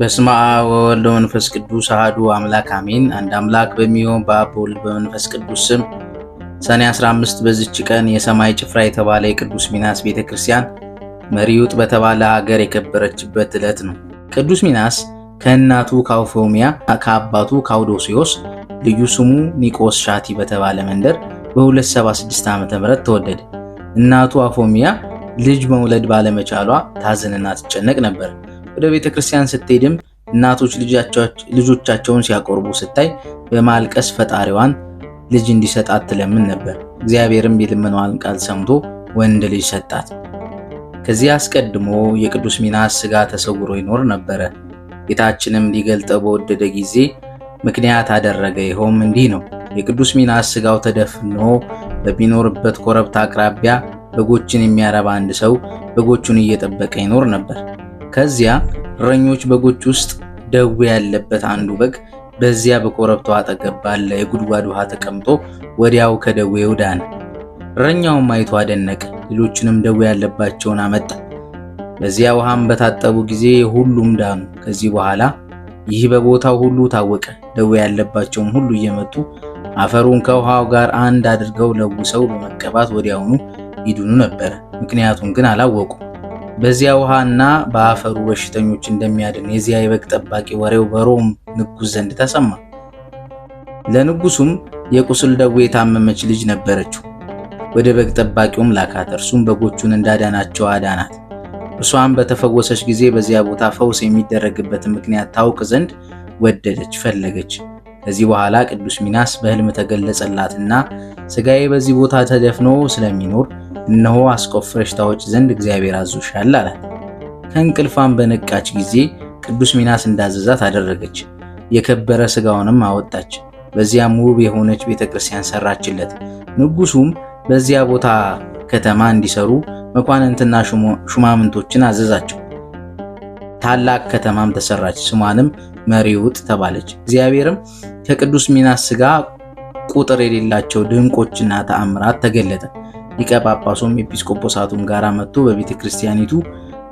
በስመ አብ ወወልድ ወመንፈስ ቅዱስ አሐዱ አምላክ አሜን። አንድ አምላክ በሚሆን በአብ በወልድ በመንፈስ ቅዱስ ስም ሰኔ 15 በዚች ቀን የሰማይ ጭፍራ የተባለ የቅዱስ ሚናስ ቤተክርስቲያን መሪዩጥ በተባለ ሀገር የከበረችበት ዕለት ነው። ቅዱስ ሚናስ ከእናቱ ካውፎሚያ ከአባቱ ካውዶሲዮስ ልዩ ስሙ ኒቆስ ሻቲ በተባለ መንደር በ276 ዓ ም ተወለደ። እናቱ አፎሚያ ልጅ መውለድ ባለመቻሏ ታዝንና ትጨነቅ ነበር። ወደ ቤተ ክርስቲያን ስትሄድም እናቶች ልጆቻቸውን ሲያቆርቡ ስታይ በማልቀስ ፈጣሪዋን ልጅ እንዲሰጣት ትለምን ነበር። እግዚአብሔርም የልመናዋን ቃል ሰምቶ ወንድ ልጅ ሰጣት። ከዚህ አስቀድሞ የቅዱስ ሚናስ ሥጋ ተሰውሮ ይኖር ነበረ። ጌታችንም ሊገልጠው በወደደ ጊዜ ምክንያት አደረገ። ይኸውም እንዲህ ነው። የቅዱስ ሚናስ ሥጋው ተደፍኖ በሚኖርበት ኮረብታ አቅራቢያ በጎችን የሚያረባ አንድ ሰው በጎቹን እየጠበቀ ይኖር ነበር። ከዚያ እረኞች በጎች ውስጥ ደዌ ያለበት አንዱ በግ በዚያ በኮረብታው አጠገብ ባለ የጉድጓድ ውሃ ተቀምጦ ወዲያው ከደዌው ዳነ። እረኛውም አይቶ አደነቀ። ሌሎችንም ደዌ ያለባቸውን አመጣ። በዚያ ውሃም በታጠቡ ጊዜ ሁሉም ዳኑ። ከዚህ በኋላ ይህ በቦታው ሁሉ ታወቀ። ደዌ ያለባቸውም ሁሉ እየመጡ አፈሩን ከውሃው ጋር አንድ አድርገው ለውሰው በመቀባት ወዲያውኑ ይድኑ ነበር ምክንያቱም ግን አላወቁ። በዚያ ውሃና በአፈሩ በሽተኞች እንደሚያድን የዚያ የበግ ጠባቂ ወሬው በሮም ንጉሥ ዘንድ ተሰማ። ለንጉሱም የቁስል ደዌ የታመመች ልጅ ነበረችው። ወደ በግ ጠባቂውም ላካት፣ እርሱም በጎቹን እንዳዳናቸው አዳናት። እሷም በተፈወሰች ጊዜ በዚያ ቦታ ፈውስ የሚደረግበት ምክንያት ታውቅ ዘንድ ወደደች፣ ፈለገች። ከዚህ በኋላ ቅዱስ ሚናስ በሕልም ተገለጸላትና ሥጋዬ በዚህ ቦታ ተደፍኖ ስለሚኖር እነሆ አስቆፍረሽ ዘንድ እግዚአብሔር አዞሻል አላት። ከእንቅልፏም በነቃች ጊዜ ቅዱስ ሚናስ እንዳዘዛት አደረገች። የከበረ ሥጋውንም አወጣች። በዚያም ውብ የሆነች ቤተ ክርስቲያን ሰራችለት። ንጉሱም በዚያ ቦታ ከተማ እንዲሰሩ መኳንንትና ሹማምንቶችን አዘዛቸው። ታላቅ ከተማም ተሰራች። ስሟንም መሪውጥ ተባለች። እግዚአብሔርም ከቅዱስ ሚናስ ሥጋ ቁጥር የሌላቸው ድንቆችና ተአምራት ተገለጠ። ሊቀ ጳጳሱም ኤጲስቆጶሳቱም ጋር መጥቶ በቤተ ክርስቲያኒቱ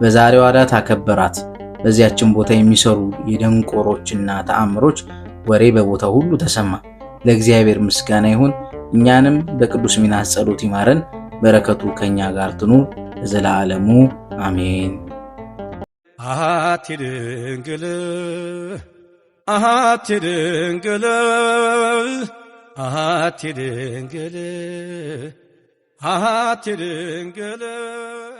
በዛሬው ዕለት አከበራት። በዚያችን ቦታ የሚሰሩ የደንቆሮችና ተአምሮች ወሬ በቦታው ሁሉ ተሰማ። ለእግዚአብሔር ምስጋና ይሁን። እኛንም በቅዱስ ሚናስ ጸሎት ይማረን። በረከቱ ከእኛ ጋር ትኑር ለዘላለሙ አሜን። አሐቲ ድንግል አሐቲ Hahatırın gülü